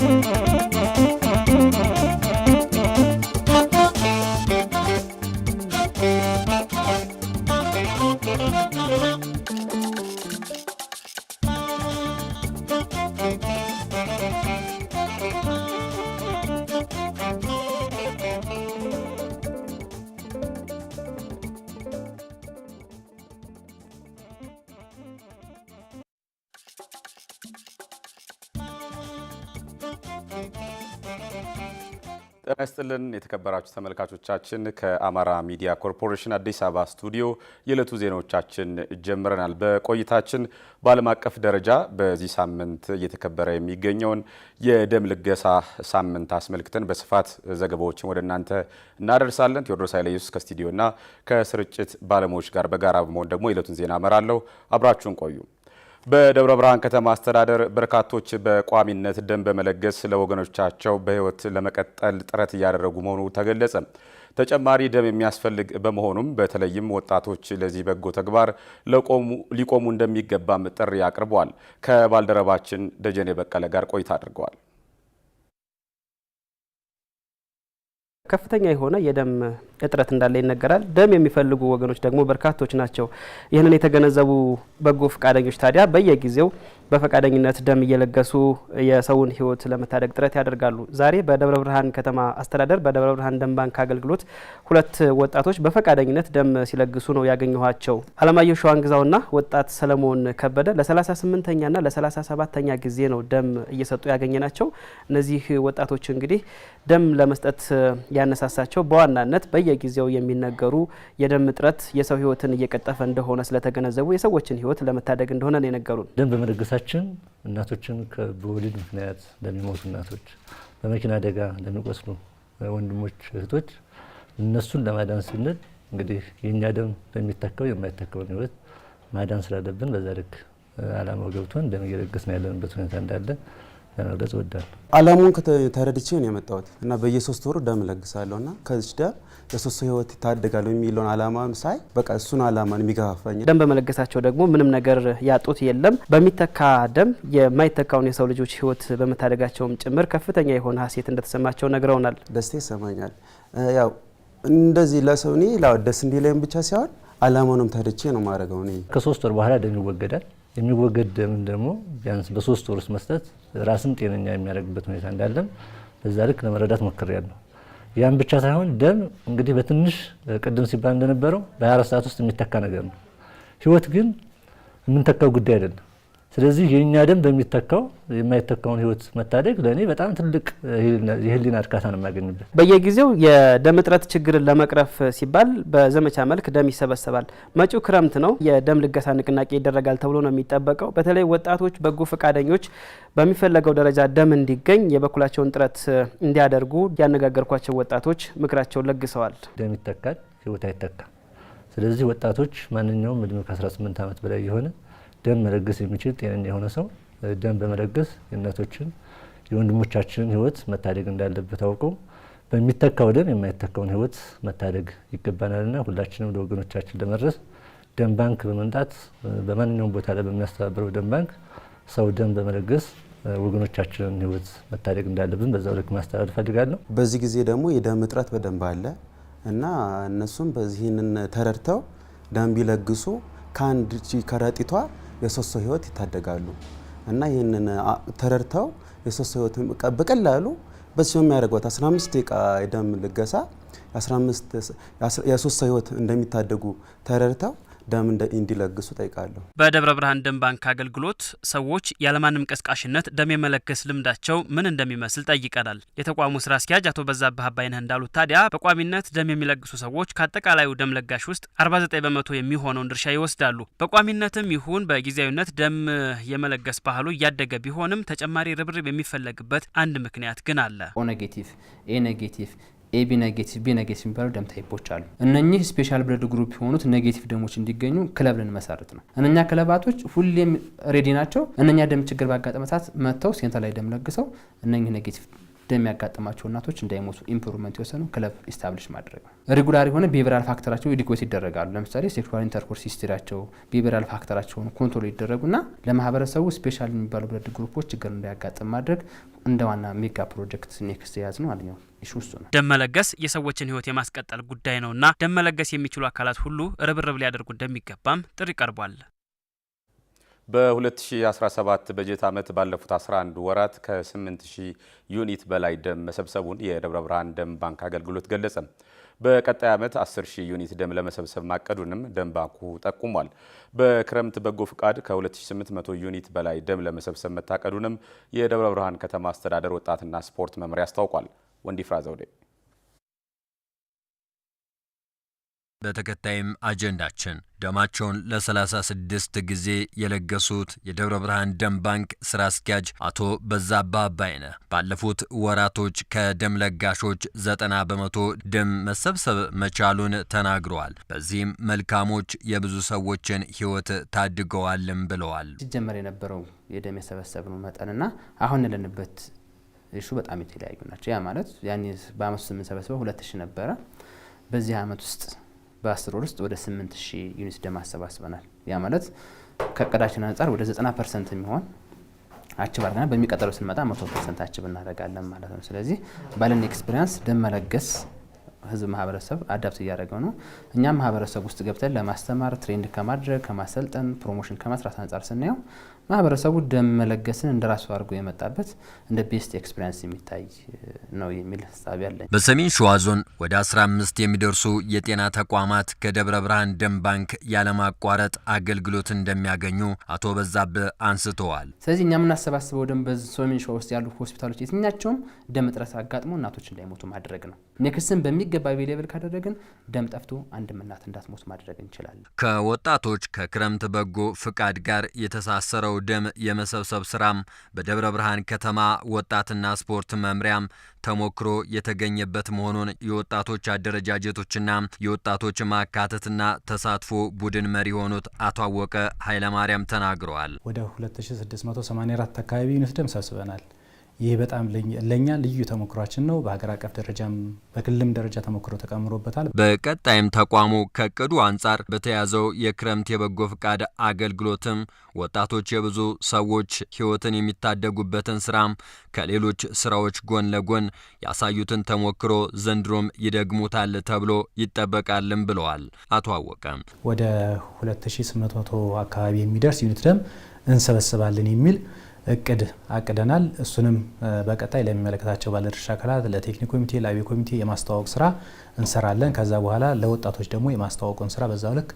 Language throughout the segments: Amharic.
Música ጤና ይስጥልን የተከበራችሁ ተመልካቾቻችን፣ ከአማራ ሚዲያ ኮርፖሬሽን አዲስ አበባ ስቱዲዮ የዕለቱ ዜናዎቻችን ጀምረናል። በቆይታችን በዓለም አቀፍ ደረጃ በዚህ ሳምንት እየተከበረ የሚገኘውን የደም ልገሳ ሳምንት አስመልክተን በስፋት ዘገባዎችን ወደ እናንተ እናደርሳለን። ቴዎድሮስ ኃይለየሱስ ከስቱዲዮና ከስርጭት ባለሙያዎች ጋር በጋራ በመሆን ደግሞ የዕለቱን ዜና እመራለሁ። አብራችሁን ቆዩ። በደብረ ብርሃን ከተማ አስተዳደር በርካቶች በቋሚነት ደም በመለገስ ለወገኖቻቸው በሕይወት ለመቀጠል ጥረት እያደረጉ መሆኑ ተገለጸ። ተጨማሪ ደም የሚያስፈልግ በመሆኑም በተለይም ወጣቶች ለዚህ በጎ ተግባር ሊቆሙ እንደሚገባም ጥሪ አቅርበዋል። ከባልደረባችን ደጀኔ በቀለ ጋር ቆይታ አድርገዋል። ከፍተኛ የሆነ የደም እጥረት እንዳለ ይነገራል። ደም የሚፈልጉ ወገኖች ደግሞ በርካቶች ናቸው። ይህንን የተገነዘቡ በጎ ፈቃደኞች ታዲያ በየጊዜው በፈቃደኝነት ደም እየለገሱ የሰውን ህይወት ለመታደግ ጥረት ያደርጋሉ። ዛሬ በደብረ ብርሃን ከተማ አስተዳደር በደብረ ብርሃን ደም ባንክ አገልግሎት ሁለት ወጣቶች በፈቃደኝነት ደም ሲለግሱ ነው ያገኘኋቸው። አለማየሁ ሸዋንግዛውና ወጣት ሰለሞን ከበደ ለ38ኛና ለ37ኛ ጊዜ ነው ደም እየሰጡ ያገኘ ናቸው። እነዚህ ወጣቶች እንግዲህ ደም ለመስጠት ያነሳሳቸው በዋናነት በየጊዜው የሚነገሩ የደም እጥረት የሰው ህይወትን እየቀጠፈ እንደሆነ ስለተገነዘቡ የሰዎችን ህይወት ለመታደግ እንደሆነ ነው የነገሩን። እናቶቻችን እናቶችን በወሊድ ምክንያት ለሚሞቱ እናቶች፣ በመኪና አደጋ ለሚቆስሉ ወንድሞች፣ እህቶች እነሱን ለማዳን ስንል እንግዲህ የእኛ ደም በሚታከበው የማይታከበውን ህይወት ማዳን ስላለብን በዛ ልክ አላማው ገብቶን ደም እየለገስን ያለንበት ሁኔታ እንዳለ ለመግለጽ እወዳለሁ። አላሙን ከተረድቼ ነው የመጣሁት እና በየሶስት ወሩ ደም ለግሳለሁ እና ከዚች ደም የሶስት ሰው ህይወት ይታደጋሉ የሚለውን አላማ ሳይ በቃ እሱን አላማን የሚገፋፋኝ ደም በመለገሳቸው ደግሞ ምንም ነገር ያጡት የለም። በሚተካ ደም የማይተካውን የሰው ልጆች ህይወት በመታደጋቸውም ጭምር ከፍተኛ የሆነ ሀሴት እንደተሰማቸው ነግረውናል። ደስታ ይሰማኛል። ያው እንደዚህ ለሰው እኔ ደስ እንዲለኝ ብቻ ሳይሆን አላማውንም ተረድቼ ነው ማድረገው። ከሶስት ወር በኋላ ደም ይወገዳል። የሚወገድ ደምን ደግሞ ቢያንስ በሶስት ወር ውስጥ መስጠት ራስን ጤነኛ የሚያደርግበት ሁኔታ እንዳለም በዛ ልክ ለመረዳት ሞክሬያለሁ። ያን ብቻ ሳይሆን ደም እንግዲህ በትንሽ ቅድም ሲባል እንደነበረው በ24 ሰዓት ውስጥ የሚተካ ነገር ነው። ህይወት ግን የምንተካው ጉዳይ አይደለም። ስለዚህ የእኛ ደም በሚተካው የማይተካውን ህይወት መታደግ ለእኔ በጣም ትልቅ የህሊና እርካታ ነው የማገኝበት። በየጊዜው የደም እጥረት ችግርን ለመቅረፍ ሲባል በዘመቻ መልክ ደም ይሰበሰባል። መጪው ክረምት ነው የደም ልገሳ ንቅናቄ ይደረጋል ተብሎ ነው የሚጠበቀው። በተለይ ወጣቶች፣ በጎ ፈቃደኞች በሚፈለገው ደረጃ ደም እንዲገኝ የበኩላቸውን ጥረት እንዲያደርጉ ያነጋገርኳቸው ወጣቶች ምክራቸውን ለግሰዋል። ደም ይተካል፣ ህይወት አይተካም። ስለዚህ ወጣቶች ማንኛውም እድሜ ከ18 ዓመት በላይ የሆነ ደም መለገስ የሚችል ጤነኛ የሆነ ሰው ደም በመለገስ የእናቶችን የወንድሞቻችንን ህይወት መታደግ እንዳለበት አውቀው በሚተካው ደም የማይተካውን ህይወት መታደግ ይገባናልና ሁላችንም ለወገኖቻችን ለመድረስ ደም ባንክ በመምጣት በማንኛውም ቦታ ላይ በሚያስተባብረው ደም ባንክ ሰው ደም በመለገስ ወገኖቻችንን ህይወት መታደግ እንዳለብን በዛው ልክ ማስተባበር እፈልጋለሁ። በዚህ ጊዜ ደግሞ የደም እጥረት በደንብ አለ እና እነሱም በዚህንን ተረድተው ደም ቢለግሱ ከአንድ ከረጢቷ የሶስት ሰው ህይወት ይታደጋሉ እና ይህንን ተረድተው የሶስት ሰው ህይወት በቀላሉ በዚህ የሚያደርጓት 15 ደቂቃ የደም ልገሳ የ የሶስት ሰው ህይወት እንደሚታደጉ ተረድተው ደም እንዲለግሱ ጠይቃለሁ። በደብረ ብርሃን ደም ባንክ አገልግሎት ሰዎች ያለማንም ቀስቃሽነት ደም የመለገስ ልምዳቸው ምን እንደሚመስል ጠይቀናል። የተቋሙ ስራ አስኪያጅ አቶ በዛብህ አባይነህ እንዳሉት ታዲያ በቋሚነት ደም የሚለግሱ ሰዎች ከአጠቃላዩ ደም ለጋሽ ውስጥ 49 በመቶ የሚሆነውን ድርሻ ይወስዳሉ። በቋሚነትም ይሁን በጊዜያዊነት ደም የመለገስ ባህሉ እያደገ ቢሆንም ተጨማሪ ርብርብ የሚፈለግበት አንድ ምክንያት ግን አለ። ኦ ኔጌቲቭ ኤ ኔጌቲቭ ኤቢ ኔጌቲቭ፣ ቢ ኔጌቲቭ የሚባሉ ደም ታይፖች አሉ። እነኚህ ስፔሻል ብለድ ግሩፕ የሆኑት ኔጌቲቭ ደሞች እንዲገኙ ክለብ ልንመሰርት ነው። እነኛ ክለባቶች ሁሌም ሬዲ ናቸው። እነኛ ደም ችግር ባጋጠመ ሰዓት መጥተው ሴንተር ላይ ደም ለግሰው እነኚህ ኔጌቲቭ ደም ያጋጠማቸው እናቶች እንዳይሞቱ ኢምፕሩቭመንት የወሰኑ ክለብ ኢስታብሊሽ ማድረግ ነው። ሬጉላር የሆነ ቢሄቨራል ፋክተራቸው ኢዲኩዌት ይደረጋሉ። ለምሳሌ ሴክሹዋል ኢንተርኮርስ ሂስትሪያቸው፣ ቢሄቨራል ፋክተራቸውን ኮንትሮል ይደረጉና ለማህበረሰቡ ስፔሻል የሚባሉ ብለድ ግሩፖች ችግር እንዳያጋጥም ማድረግ እንደ ዋና ሜጋ ፕሮጀክት ኔክስት የያዝ ነው አለኛው ኢሹ እሱ ነው። ደመለገስ የሰዎችን ህይወት የማስቀጠል ጉዳይ ነውና ደመለገስ የሚችሉ አካላት ሁሉ ርብርብ ሊያደርጉ እንደሚገባም ጥሪ ቀርቧል። በ2017 በጀት ዓመት ባለፉት 11 ወራት ከ8000 ዩኒት በላይ ደም መሰብሰቡን የደብረ ብርሃን ደም ባንክ አገልግሎት ገለጸ። በቀጣይ ዓመት 10000 ዩኒት ደም ለመሰብሰብ ማቀዱንም ደም ባንኩ ጠቁሟል። በክረምት በጎ ፍቃድ ከ2800 ዩኒት በላይ ደም ለመሰብሰብ መታቀዱንም የደብረ ብርሃን ከተማ አስተዳደር ወጣትና ስፖርት መምሪያ አስታውቋል። ወንዲፍራ ዘውዴ። በተከታይም አጀንዳችን ደማቸውን ለ36 ጊዜ የለገሱት የደብረ ብርሃን ደም ባንክ ስራ አስኪያጅ አቶ በዛባ አባይነህ ባለፉት ወራቶች ከደም ለጋሾች ዘጠና በመቶ ደም መሰብሰብ መቻሉን ተናግረዋል። በዚህም መልካሞች የብዙ ሰዎችን ሕይወት ታድገዋልም ብለዋል። ሲጀመር የነበረው የደም የሰበሰብነው መጠንና አሁን ያለንበት ሬሹ በጣም የተለያዩ ናቸው። ያ ማለት ያኔ በአመቱ የምንሰበስበው ሁለት ሺ ነበረ። በዚህ አመት ውስጥ በአስር ወር ውስጥ ወደ ስምንት ሺ ዩኒት ደም አሰባስበናል። ያ ማለት ከእቅዳችን አንጻር ወደ ዘጠና ፐርሰንት የሚሆን አችብ አድርገናል። በሚቀጥለው ስንመጣ መቶ ፐርሰንት አችብ እናደርጋለን ማለት ነው። ስለዚህ ባለን ኤክስፔሪያንስ ደም መለገስ ህዝብ ማህበረሰብ አዳፕት እያደረገው ነው። እኛም ማህበረሰብ ውስጥ ገብተን ለማስተማር ትሬንድ ከማድረግ ከማሰልጠን ፕሮሞሽን ከመስራት አንጻር ስናየው ማህበረሰቡ ደም መለገስን እንደ ራሱ አድርጎ የመጣበት እንደ ቤስት ኤክስፒሪንስ የሚታይ ነው የሚል ሀሳብ ያለኝ። በሰሜን ሸዋ ዞን ወደ 15 የሚደርሱ የጤና ተቋማት ከደብረ ብርሃን ደም ባንክ ያለማቋረጥ አገልግሎት እንደሚያገኙ አቶ በዛብህ አንስተዋል። ስለዚህ እኛ የምናሰባስበው ደም በሰሜን ሸዋ ውስጥ ያሉ ሆስፒታሎች የትኛቸውም ደም እጥረት አጋጥሞ እናቶች እንዳይሞቱ ማድረግ ነው። ሚክስን በሚገባ አቬይላብል ካደረግን ደም ጠፍቶ አንድም እናት እንዳትሞት ማድረግ እንችላለን። ከወጣቶች ከክረምት በጎ ፍቃድ ጋር የተሳሰረው ደም የመሰብሰብ ስራም በደብረ ብርሃን ከተማ ወጣትና ስፖርት መምሪያም ተሞክሮ የተገኘበት መሆኑን የወጣቶች አደረጃጀቶችና የወጣቶች ማካተትና ተሳትፎ ቡድን መሪ የሆኑት አቶ አወቀ ኃይለማርያም ተናግረዋል። ወደ 2684 አካባቢ ዩኒት ደም ሰብስበናል። ይህ በጣም ለእኛ ልዩ ተሞክሯችን ነው። በሀገር አቀፍ ደረጃም በክልልም ደረጃ ተሞክሮ ተቀምሮበታል። በቀጣይም ተቋሙ ከቅዱ አንጻር በተያዘው የክረምት የበጎ ፍቃድ አገልግሎትም ወጣቶች የብዙ ሰዎች ሕይወትን የሚታደጉበትን ስራም ከሌሎች ስራዎች ጎን ለጎን ያሳዩትን ተሞክሮ ዘንድሮም ይደግሙታል ተብሎ ይጠበቃልም ብለዋል አቶ አወቀ። ወደ 2800 አካባቢ የሚደርስ ዩኒት ደም እንሰበስባለን የሚል እቅድ አቅደናል። እሱንም በቀጣይ ለሚመለከታቸው ባለድርሻ አካላት ለቴክኒክ ኮሚቴ፣ ለአብይ ኮሚቴ የማስተዋወቅ ስራ እንሰራለን። ከዛ በኋላ ለወጣቶች ደግሞ የማስተዋወቁን ስራ በዛው ልክ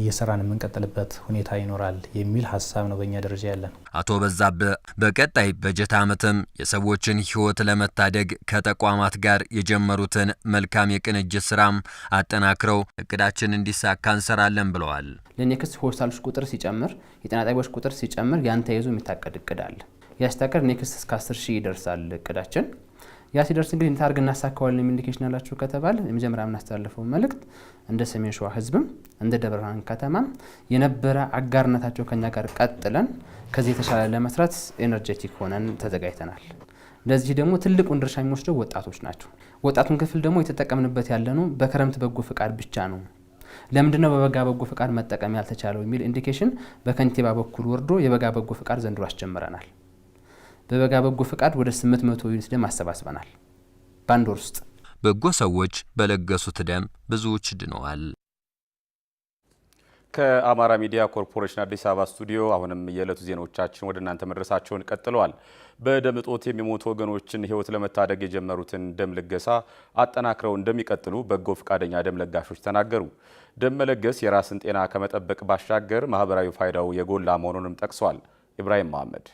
እየሰራን የምንቀጥልበት ሁኔታ ይኖራል የሚል ሀሳብ ነው በእኛ ደረጃ ያለን። አቶ በዛብ በቀጣይ በጀት ዓመትም የሰዎችን ሕይወት ለመታደግ ከተቋማት ጋር የጀመሩትን መልካም የቅንጅት ስራም አጠናክረው እቅዳችን እንዲሳካ እንሰራለን ብለዋል። ለኔክስት ሆስፒታሎች ቁጥር ሲጨምር፣ የጤና ጣቢያዎች ቁጥር ሲጨምር ያን ይዞ የሚታቀድ እቅድ አለ። ያስታቀድ ኔክስት እስከ 10 ሺህ ይደርሳል እቅዳችን ያ ሲደርስ እንግዲህ እንታርግ እናሳካዋለን የሚል ኢንዲኬሽን ያላችሁ ከተባለ የመጀመሪያ የምናስተላልፈው መልእክት እንደ ሰሜን ሸዋ ህዝብም እንደ ደብረ ብርሃን ከተማም የነበረ አጋርነታቸው ከኛ ጋር ቀጥለን ከዚህ የተሻለ ለመስራት ኤነርጀቲክ ሆነን ተዘጋጅተናል። ለዚህ ደግሞ ትልቁን ድርሻ የሚወስደው ወጣቶች ናቸው። ወጣቱን ክፍል ደግሞ የተጠቀምንበት ያለ ነው በክረምት በጎ ፍቃድ ብቻ ነው። ለምንድነው በበጋ በጎ ፍቃድ መጠቀም ያልተቻለው የሚል ኢንዲኬሽን በከንቲባ በኩል ወርዶ የበጋ በጎ ፍቃድ ዘንድሮ አስጀምረናል። በበጋ በጎ ፈቃድ ወደ 800 ዩኒት ደም አሰባስበናል በአንድ ወር ውስጥ። በጎ ሰዎች በለገሱት ደም ብዙዎች ድነዋል። ከአማራ ሚዲያ ኮርፖሬሽን አዲስ አበባ ስቱዲዮ አሁንም የዕለቱ ዜናዎቻችን ወደ እናንተ መድረሳቸውን ቀጥለዋል። በደም እጦት የሚሞቱ ወገኖችን ሕይወት ለመታደግ የጀመሩትን ደም ልገሳ አጠናክረው እንደሚቀጥሉ በጎ ፈቃደኛ ደም ለጋሾች ተናገሩ። ደም መለገስ የራስን ጤና ከመጠበቅ ባሻገር ማህበራዊ ፋይዳው የጎላ መሆኑንም ጠቅሷል። ኢብራሂም መሐመድ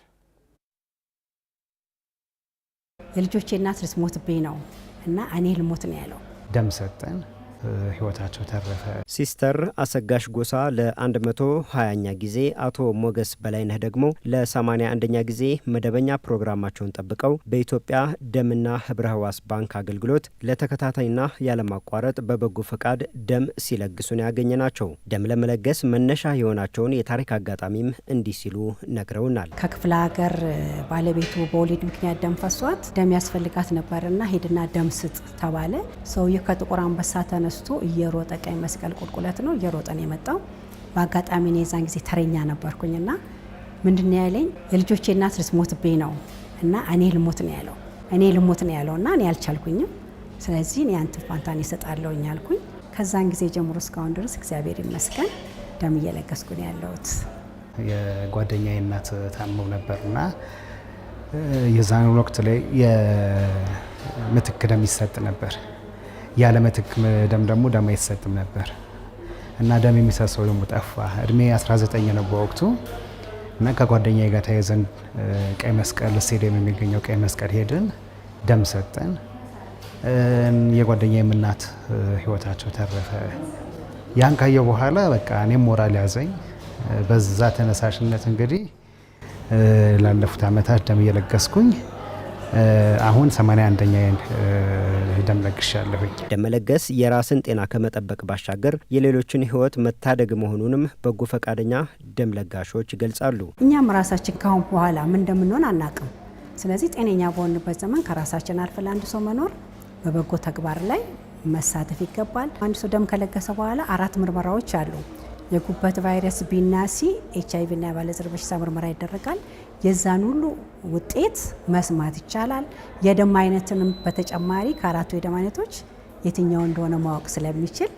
የልጆቼ እናት ልትሞትብኝ ነው እና እኔ ልሞት ነው ያለው። ደም ሰጠን። ህይወታቸው ተረፈ። ሲስተር አሰጋሽ ጎሳ ለ120ኛ ጊዜ፣ አቶ ሞገስ በላይነህ ደግሞ ለ81ኛ ጊዜ መደበኛ ፕሮግራማቸውን ጠብቀው በኢትዮጵያ ደምና ህብረ ህዋስ ባንክ አገልግሎት ለተከታታይና ያለማቋረጥ በበጎ ፈቃድ ደም ሲለግሱን ያገኘ ናቸው። ደም ለመለገስ መነሻ የሆናቸውን የታሪክ አጋጣሚም እንዲህ ሲሉ ነግረውናል። ከክፍለ ሀገር ባለቤቱ በወሊድ ምክንያት ደም ፈሷት ደም ያስፈልጋት ነበርና ሄድና ደም ስጥ ተባለ። ሰውዬ ከጥቁር አንበሳ ተነ ተነስቶ እየሮጠ ቀይ መስቀል ቁልቁለት ነው እየሮጠ ነው የመጣው። በአጋጣሚ ነው የዛን ጊዜ ተረኛ ነበርኩኝ እና ምንድን ያለኝ የልጆቼ እናት ልትሞትብኝ ነው እና እኔ ልሞት ነው ያለው እኔ ልሞት ነው ያለው እና እኔ አልቻልኩኝም። ስለዚህ እኔ አንተ ፋንታን ይሰጣለውኝ አልኩኝ። ከዛን ጊዜ ጀምሮ እስካሁን ድረስ እግዚአብሔር ይመስገን ደም እየለገስኩ ነው ያለሁት። የጓደኛዬ እናት ታመው ነበርና የዛን ወቅት ላይ ምትክ ደም ይሰጥ ነበር። ያለምትክ ደም ደግሞ ደም አይሰጥም ነበር እና ደም የሚሰሰው ደግሞ ጠፋ። እድሜ 19 ነው በወቅቱ እና ከጓደኛ ጋር ተያይዘን ቀይ መስቀል ስቴዲየም የሚገኘው ቀይ መስቀል ሄድን፣ ደም ሰጠን። የጓደኛ የምናት ህይወታቸው ተረፈ። ያን ካየው በኋላ በቃ እኔም ሞራል ያዘኝ። በዛ ተነሳሽነት እንግዲህ ላለፉት አመታት ደም እየለገስኩኝ አሁን 81ኛዬን ደም ለግሻለሁኝ። የራስን ጤና ከመጠበቅ ባሻገር የሌሎችን ህይወት መታደግ መሆኑንም በጎ ፈቃደኛ ደም ለጋሾች ይገልጻሉ። እኛም ራሳችን ካሁን በኋላ ምን እንደምንሆን አናቅም። ስለዚህ ጤነኛ በሆንበት ዘመን ከራሳችን አልፈን ለአንድ ሰው መኖር በበጎ ተግባር ላይ መሳተፍ ይገባል። አንድ ሰው ደም ከለገሰ በኋላ አራት ምርመራዎች አሉ። የጉበት ቫይረስ ቢና ሲ ኤች አይ ቪ እና የባለዘር በሽታ ምርመራ ይደረጋል። የዛን ሁሉ ውጤት መስማት ይቻላል። የደም አይነትንም በተጨማሪ ከአራቱ የደም አይነቶች የትኛው እንደሆነ ማወቅ ስለሚችል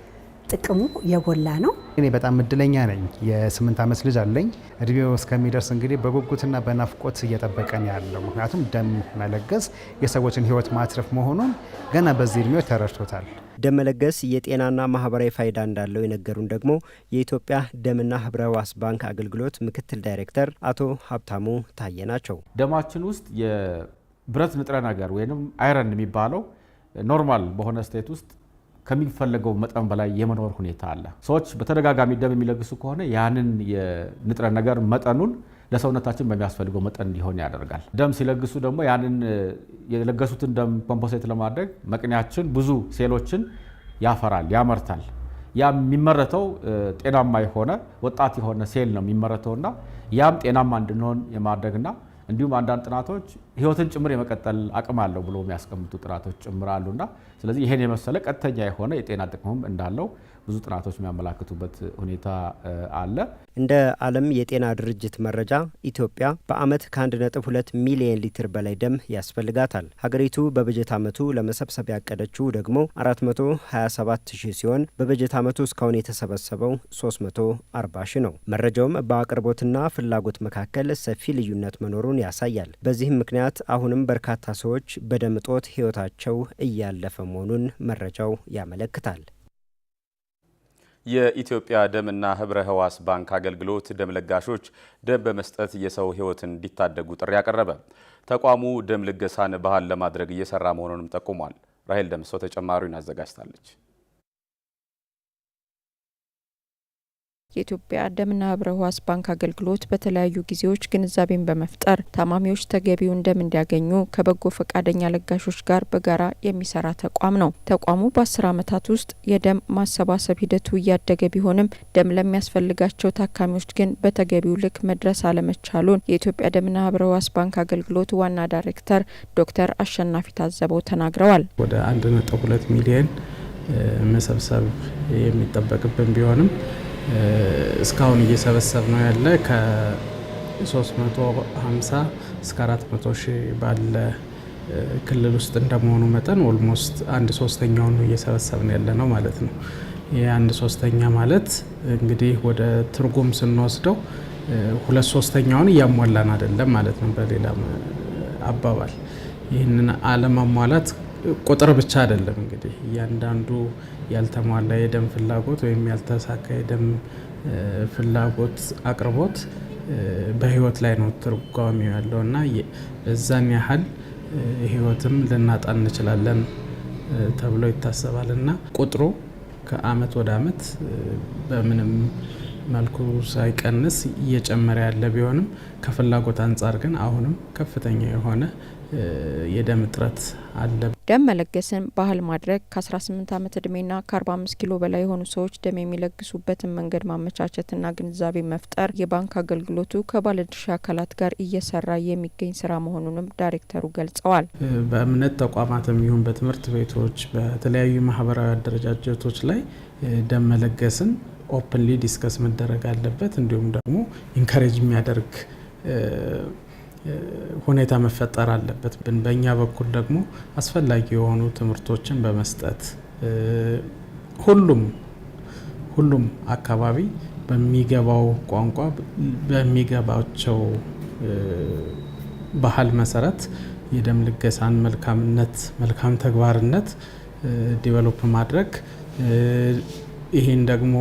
ጥቅሙ የጎላ ነው። እኔ በጣም እድለኛ ነኝ። የስምንት ዓመት ልጅ አለኝ። እድሜው እስከሚደርስ እንግዲህ በጉጉትና በናፍቆት እየጠበቀን ያለው ምክንያቱም ደም መለገስ የሰዎችን ሕይወት ማትረፍ መሆኑን ገና በዚህ እድሜው ተረድቶታል። ደም መለገስ የጤናና ማህበራዊ ፋይዳ እንዳለው የነገሩን ደግሞ የኢትዮጵያ ደምና ህብረ ህዋስ ባንክ አገልግሎት ምክትል ዳይሬክተር አቶ ሀብታሙ ታየ ናቸው። ደማችን ውስጥ የብረት ንጥረ ነገር ወይም አይረን የሚባለው ኖርማል በሆነ ስቴት ውስጥ ከሚፈለገው መጠን በላይ የመኖር ሁኔታ አለ። ሰዎች በተደጋጋሚ ደም የሚለግሱ ከሆነ ያንን የንጥረ ነገር መጠኑን ለሰውነታችን በሚያስፈልገው መጠን እንዲሆን ያደርጋል። ደም ሲለግሱ ደግሞ ያንን የለገሱትን ደም ኮምፖሴት ለማድረግ መቅኒያችን ብዙ ሴሎችን ያፈራል፣ ያመርታል። ያ የሚመረተው ጤናማ የሆነ ወጣት የሆነ ሴል ነው የሚመረተውና ያም ጤናማ እንድንሆን የማድረግና እንዲሁም አንዳንድ ጥናቶች ህይወትን ጭምር የመቀጠል አቅም አለው ብሎ የሚያስቀምጡ ጥናቶች ጭምር አሉና ስለዚህ ይሄን የመሰለ ቀጥተኛ የሆነ የጤና ጥቅምም እንዳለው ብዙ ጥናቶች የሚያመላክቱበት ሁኔታ አለ። እንደ ዓለም የጤና ድርጅት መረጃ ኢትዮጵያ በአመት ከ1.2 ሚሊየን ሊትር በላይ ደም ያስፈልጋታል። ሀገሪቱ በበጀት ዓመቱ ለመሰብሰብ ያቀደችው ደግሞ 427 ሺህ ሲሆን በበጀት ዓመቱ እስካሁን የተሰበሰበው 340 ሺህ ነው። መረጃውም በአቅርቦትና ፍላጎት መካከል ሰፊ ልዩነት መኖሩን ያሳያል። በዚህም ምክንያት አሁንም በርካታ ሰዎች በደም እጦት ህይወታቸው እያለፈ መሆኑን መረጃው ያመለክታል። የኢትዮጵያ ደምና ህብረ ህዋስ ባንክ አገልግሎት ደም ለጋሾች ደም በመስጠት የሰው ህይወትን እንዲታደጉ ጥሪ አቀረበ። ተቋሙ ደም ልገሳን ባህል ለማድረግ እየሰራ መሆኑንም ጠቁሟል። ራሄል ደምሶ ተጨማሪውን አዘጋጅታለች። የኢትዮጵያ ደምና ህብረ ህዋስ ባንክ አገልግሎት በተለያዩ ጊዜዎች ግንዛቤን በመፍጠር ታማሚዎች ተገቢውን ደም እንዲያገኙ ከበጎ ፈቃደኛ ለጋሾች ጋር በጋራ የሚሰራ ተቋም ነው። ተቋሙ በአስር ዓመታት ውስጥ የደም ማሰባሰብ ሂደቱ እያደገ ቢሆንም ደም ለሚያስፈልጋቸው ታካሚዎች ግን በተገቢው ልክ መድረስ አለመቻሉን የኢትዮጵያ ደምና ህብረ ህዋስ ባንክ አገልግሎት ዋና ዳይሬክተር ዶክተር አሸናፊ ታዘበው ተናግረዋል። ወደ አንድ ነጥብ ሁለት ሚሊየን መሰብሰብ የሚጠበቅብን ቢሆንም እስካሁን እየሰበሰብ ነው ያለ ከ350 እስከ 400 ሺህ ባለ ክልል ውስጥ እንደመሆኑ መጠን ኦልሞስት አንድ ሶስተኛውን እየሰበሰብ ነው ያለ ነው ማለት ነው። ይህ አንድ ሶስተኛ ማለት እንግዲህ ወደ ትርጉም ስንወስደው ሁለት ሶስተኛውን እያሟላን አይደለም ማለት ነው። በሌላ አባባል ይህንን አለማሟላት ቁጥር ብቻ አይደለም እንግዲህ እያንዳንዱ ያልተሟላ የደም ፍላጎት ወይም ያልተሳካ የደም ፍላጎት አቅርቦት በህይወት ላይ ነው ትርጓሜው ያለው እና እዛን ያህል ህይወትም ልናጣ እንችላለን ተብሎ ይታሰባል እና ቁጥሩ ከአመት ወደ አመት በምንም መልኩ ሳይቀንስ እየጨመረ ያለ ቢሆንም ከፍላጎት አንጻር ግን አሁንም ከፍተኛ የሆነ የደም እጥረት አለ። ደም መለገስን ባህል ማድረግ ከ18 ዓመት ና ከ45 ኪሎ በላይ የሆኑ ሰዎች ደም የሚለግሱበትን መንገድ ማመቻቸትና ግንዛቤ መፍጠር የባንክ አገልግሎቱ ከባለድርሻ አካላት ጋር እየሰራ የሚገኝ ስራ መሆኑንም ዳይሬክተሩ ገልጸዋል። በእምነት ተቋማትም ይሁን በትምህርት ቤቶች በተለያዩ ማህበራዊ አደረጃጀቶች ላይ ደም መለገስን ኦፕንሊ ዲስከስ መደረግ አለበት። እንዲሁም ደግሞ ኢንካሬጅ የሚያደርግ ሁኔታ መፈጠር አለበት። በእኛ በኩል ደግሞ አስፈላጊ የሆኑ ትምህርቶችን በመስጠት ሁሉም ሁሉም አካባቢ በሚገባው ቋንቋ በሚገባቸው ባህል መሰረት የደም ልገሳን መልካምነት መልካም ተግባርነት ዲቨሎፕ ማድረግ ይህን ደግሞ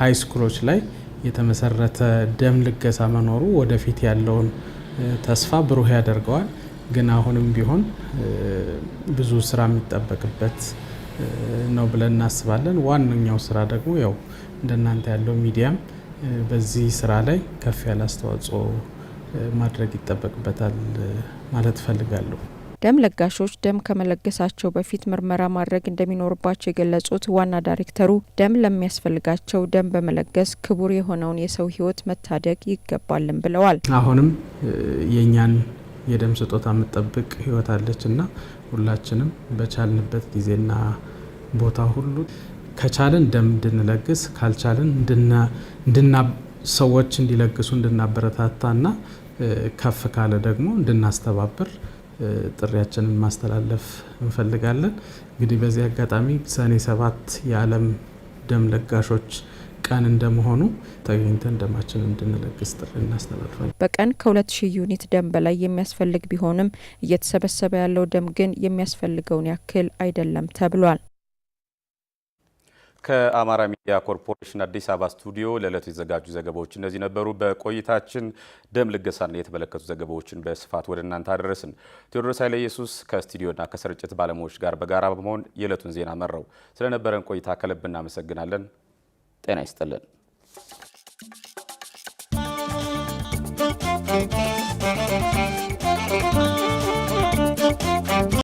ሀይ ስኩሎች ላይ የተመሰረተ ደም ልገሳ መኖሩ ወደፊት ያለውን ተስፋ ብሩህ ያደርገዋል። ግን አሁንም ቢሆን ብዙ ስራ የሚጠበቅበት ነው ብለን እናስባለን። ዋነኛው ስራ ደግሞ ያው እንደናንተ ያለው ሚዲያም በዚህ ስራ ላይ ከፍ ያለ አስተዋጽኦ ማድረግ ይጠበቅበታል ማለት እፈልጋለሁ። ደም ለጋሾች ደም ከመለገሳቸው በፊት ምርመራ ማድረግ እንደሚኖርባቸው የገለጹት ዋና ዳይሬክተሩ ደም ለሚያስፈልጋቸው ደም በመለገስ ክቡር የሆነውን የሰው ህይወት መታደግ ይገባልን ብለዋል። አሁንም የእኛን የደም ስጦታ የምጠብቅ ህይወት አለች እና ሁላችንም በቻልንበት ጊዜና ቦታ ሁሉ ከቻልን ደም እንድንለግስ ካልቻልን እንድና ሰዎች እንዲለግሱ እንድናበረታታና ከፍ ካለ ደግሞ እንድናስተባብር ጥሪያችንን ማስተላለፍ እንፈልጋለን። እንግዲህ በዚህ አጋጣሚ ሰኔ ሰባት የዓለም ደም ለጋሾች ቀን እንደመሆኑ ተገኝተን ደማችን እንድንለግስ ጥሪ እናስተላልፋል። በቀን ከ ሺህ ዩኒት ደም በላይ የሚያስፈልግ ቢሆንም እየተሰበሰበ ያለው ደም ግን የሚያስፈልገውን ያክል አይደለም ተብሏል። ከአማራ ሚዲያ ኮርፖሬሽን አዲስ አበባ ስቱዲዮ ለዕለቱ የተዘጋጁ ዘገባዎች እነዚህ ነበሩ። በቆይታችን ደም ልገሳን የተመለከቱ ዘገባዎችን በስፋት ወደ እናንተ አደረስን። ቴዎድሮስ ኃይለ ኢየሱስ ከስቱዲዮና ከስርጭት ባለሙያዎች ጋር በጋራ በመሆን የዕለቱን ዜና መራው። ስለነበረን ቆይታ ከልብ እናመሰግናለን። ጤና ይስጥልን።